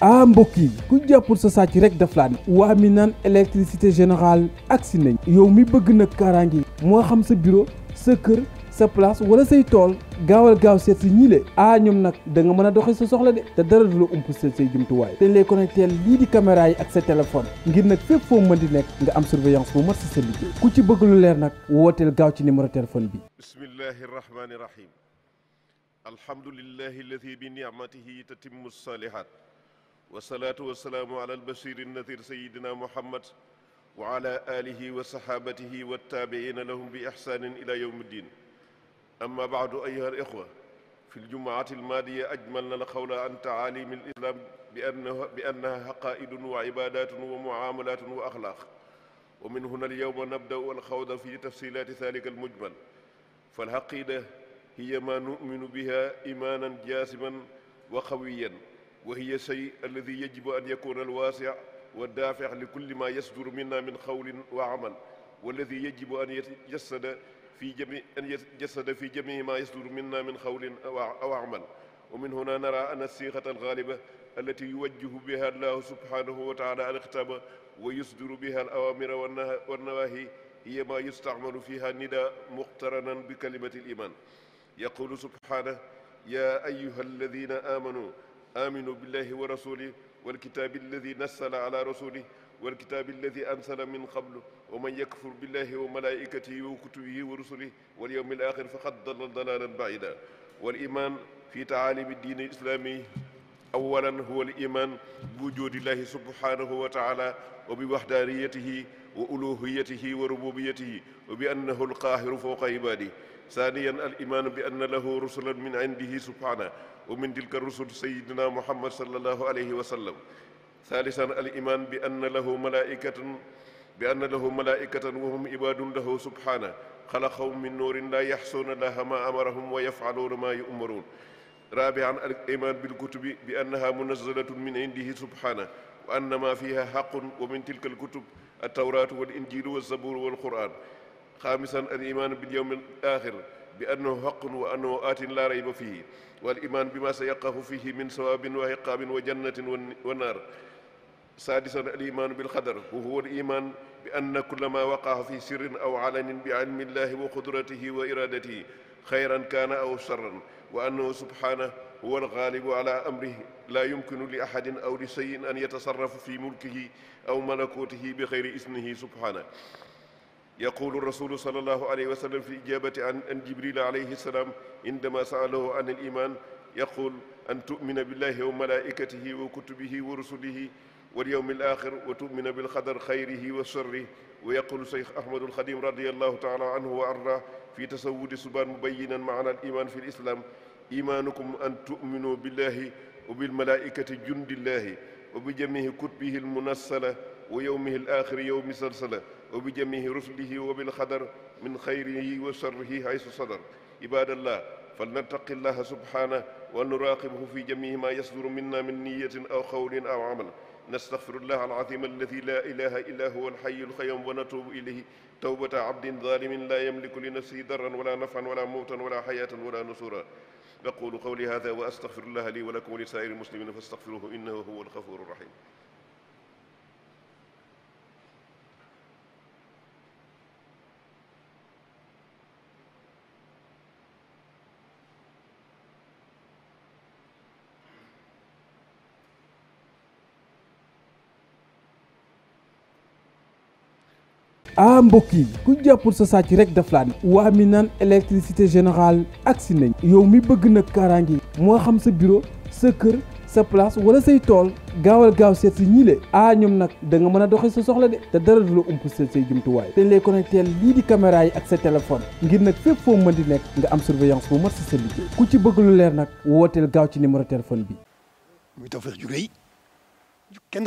ah mbokk yi ku jàppul sa sàcc rek daf laa ne waa mi naan électricité générale si nañ yow mi bëgg nag kaaraange moo xam sa bureau sa kër sa place wala say tool gaawal gaaw seet si ñi le ah ñoom nag da nga mën a doxee sa soxla de te dara du la ump seet say jumtuwaay te ñu lay connecté lii di caméra yi ak sa téléphone ngir nag fépp foo mën di nek nga am surveillance bu mat si sa liggéey ku ci bëgg leer nag wooteel gaaw ci numéro téléphone bi bismillahi rahmani rahim alhamdulillahi alladi bi ni'matihi tatimmu salihat wasalaatu wasalaamu ala albashir nathir sayidina muhammad wa ala alihi wa sahabatihi wattabiina lahum bi ixsanin ila yowm ddin amma baado ayuha alixwa fi ljumaati almaadiya ajmalna alqawla an taalimi alislam bi annaha xaqaidun wa cibadatun wa mucaamalatun wa axlaaq wa min huna alyowma nabdau alxawda fi tafsilati dalika almujmal falxaqida hiya ma numinu biha imaanan jaasiman wa qawiyan wa hiya shay alladi yajibu an yakuna alwaasi wa daafix li kulli ma yasduru minna min xawlin wa amal walladi yajibu an yatajassada fi jami an yatajassada fi jamii ma yasduru minna min xawlin aw amal wa min huna nara an asiixata algaaliba allati yuwajjihu biha allahu subhanahu wa taala alxitaaba wa yusdiru biha alawaamira wannawaahi hiya ma yustacmalu fiha nida muqtaranan bi kalimati aliman yaqulu subhanahu ya ayuha alladina amanu aminu billahi wa rasulih walkitaabi alladi nassala ala rasulih walkitaabi alladi ansala min qablu wa man yakfur billahi wa malaikatihi wa kutubihi wa rusulih wal yawmi al axir faqad dalla dalalan baida wal iman fi taalimi diini islami awalan huwa al iman bi wujudillahi subhanahu wa taala wa bi wahdaniyatihi wa uluhiyatihi wa rububiyatihi wa bi annahu al qahiru fawqa ibadihi ثانيا الإيمان بأن له رسلا من عنده سبحانه ومن تلك الرسل سيدنا محمد صلى الله عليه وسلم ثالثا الإيمان بأن له ملائكة بأن له ملائكة وهم عباد له سبحانه خلقهم من نور لا يحصون الله ما أمرهم ويفعلون ما يؤمرون رابعا الإيمان بالكتب بأنها منزلة من عنده سبحانه وأن ما فيها حق ومن تلك الكتب التوراة والإنجيل والزبور والقرآن خامسا الإيمان باليوم الآخر بأنه حق وأنه آت لا ريب فيه والإيمان بما سيقع فيه من ثواب وعقاب وجنة ونار سادسا الإيمان بالقدر وهو الإيمان بأن كل ما وقع في سر أو علن بعلم الله وقدرته وإرادته خيرا كان أو شرا وأنه سبحانه هو الغالب على أمره لا يمكن لأحد أو لشيء أن يتصرف في ملكه أو ملكوته بغير إذنه سبحانه yaqulu rasulu sallallahu alayhi wa sallam fi ijabati an an jibril alayhi salaam indama saalahu an al iman yaqul an tumina billahi wa malaikatihi wa kutubihi wa rusulihi wal yawmi al axir wa tumina bil qadar xayrihi wa sharrihi wa yaqulu cheikh ahmadul xadim radiallahu taala anhu wa arda fi tasawudi subaan mubayinan maana al iman fi l islam imanukum an tuminu billahi wa bilmalaikati jundillahi wa bi jamihi kutubihi al munassala wa yowmihi l axiri yow mi salsala wa bi jamihi rusulihi wa bil xadar min xayrihi wa sharrihi haysu sadar ibadallah fal nattaqi llaha subhanahu wa nuraqibhu fi jamihi ma yasduru minna min niyatin aw xawlin aw amal nastaxfiru llah alazim alladi la ilaha illa huwa alxayu alqayum wa natubu ilayhi tawbata abdin zalimin la yamliku li nafsihi darran wala nafan wala mawtan wala xayatan wala nusura aqulu qawli hada wa astaxfiru llaha li wa lakum wa lisaa'iri almuslimina fastaxfiruhu innahu huwa alxafuru rahim ah mbokk yi ku jàppul sa sàcc rek daf laa ne waa mi naan électricité générale agsi nañ yow mi bëgg nag kaaraange moo xam sa bureau sa kër sa place wala say tool gaawal gaaw seet si ñii le ah ñoom nag danga mën a doxee sa soxla de te dara du la umpaseel say jumtuwaay te ñu lay connecté lii di caméra yi ak sa téléphone ngir nag fépp foo mën di nekk nga am surveillance bu mat si sa liggéey ku ci bëgg lu leer nag wooteel gaaw ci numéro téléphone bi. muy Tawfekh ju rëy kenn